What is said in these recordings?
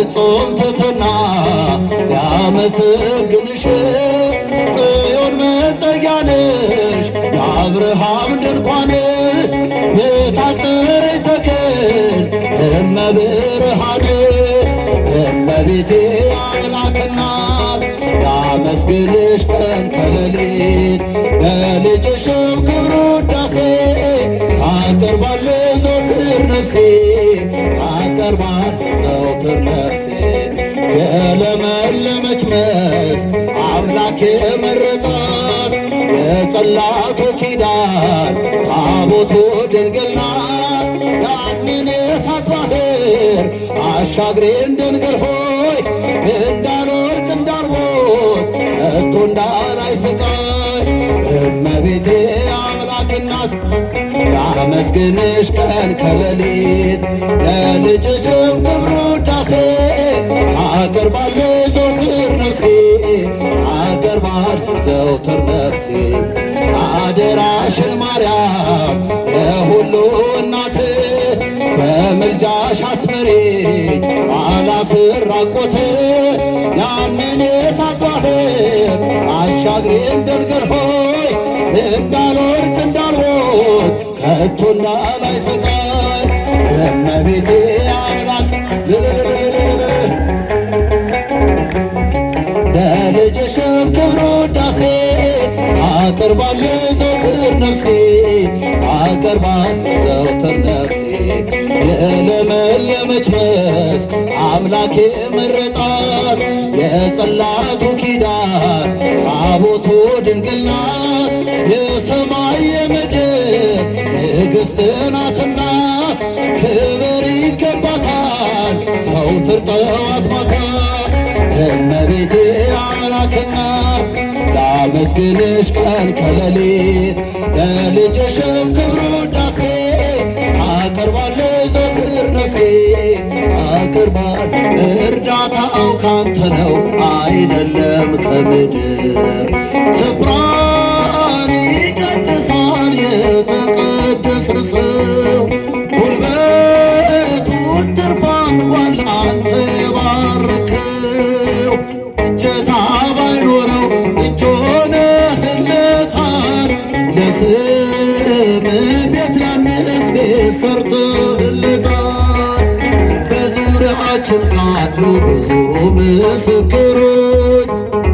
ፍጹም ትትና ሊያመሰግንሽ ጽዮን መጠጊያ ነሽ የአብርሃም ድንኳን የታጠረ ተክል እመብርሃን እመቤቴ አምላክናት ያመስግንሽ ቀን ከሌሊት በልጅሽም ክብሩ ዳሴ ታቀርባለች ዘወትር ነፍሴ የመረጣት የጸላቱ ኪዳን ታቦቱ ድንግል ናት። ያንን የእሳት ባህር አሻግሬን ድንግል ሆይ እንዳልወድቅ እንዳልሞት ከቶ እንዳላይ እመቤቴ አምላክ እናት ላመስግንሽ ቀን ከሌሊት ለልጅሽም ክብሩ ዳሴ ታቀርባለች ዘወትር ነፍሴ ይቀርባል ዘውትር ነፍሴ አደራሽን ማርያም የሁሉ እናት በምልጃሽ አስመሬ አላስራቆት ያንን የእሳት ባህር አሻግሬ እንደልገር ሆይ እንዳልወድቅ እንዳልሞት ከቶ እንዳላይ እመቤቴ አቀርባለ ዘውትር ነፍሴ አቀርባለ ዘውትር ነፍሴ የለመለመች መስ አምላኬ መረጣት የጸላቱ ኪዳን ታቦቱ ድንግልና የሰማይ የምድር ንግሥት ናትና ክብር ይገባታል ዘውትር ጠዋት ማታ እመቤቴ አምላክናት ላመስግንሽ ቀን ከሌሊት ለልጅሽም ክብር ውዳሴ አቀርባለሁ ዘወትር ነፍሴ አቀርባለሁ። እርዳታው ካንተ ነው አይደለም ከምድር ስፍራ ሰርተህልናል። በዙሪያችን ካሉ ብዙ ምስክሮች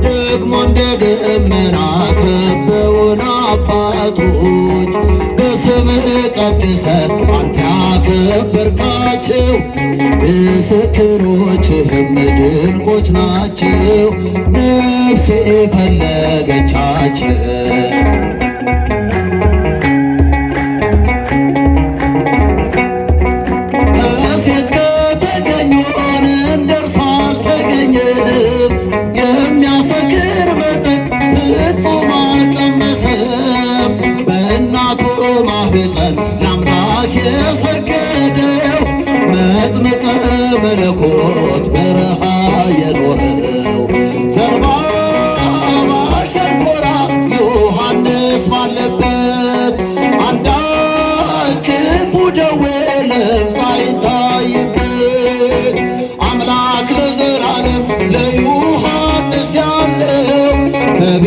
ደግሞ እንደ ደመና ከበውን አባቶች በስምህ ቀድሰህ አንተ ያከበርካቸው ምስክሮችህም ድንቆች ናቸው ነፍሴ የፈለገቻቸው ለአምላክ የሰገደው መጥምቀ መለኮት በረሃ የኖረው ዘንባባ ሸንኮራ ዮሐንስ ባለበት አንዳች ክፉ ደዌ ለምጽ አይታይበት አምላክ ለዘላለም ለዮሐንስ ያለው በቤ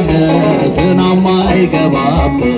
አለ አይገባበት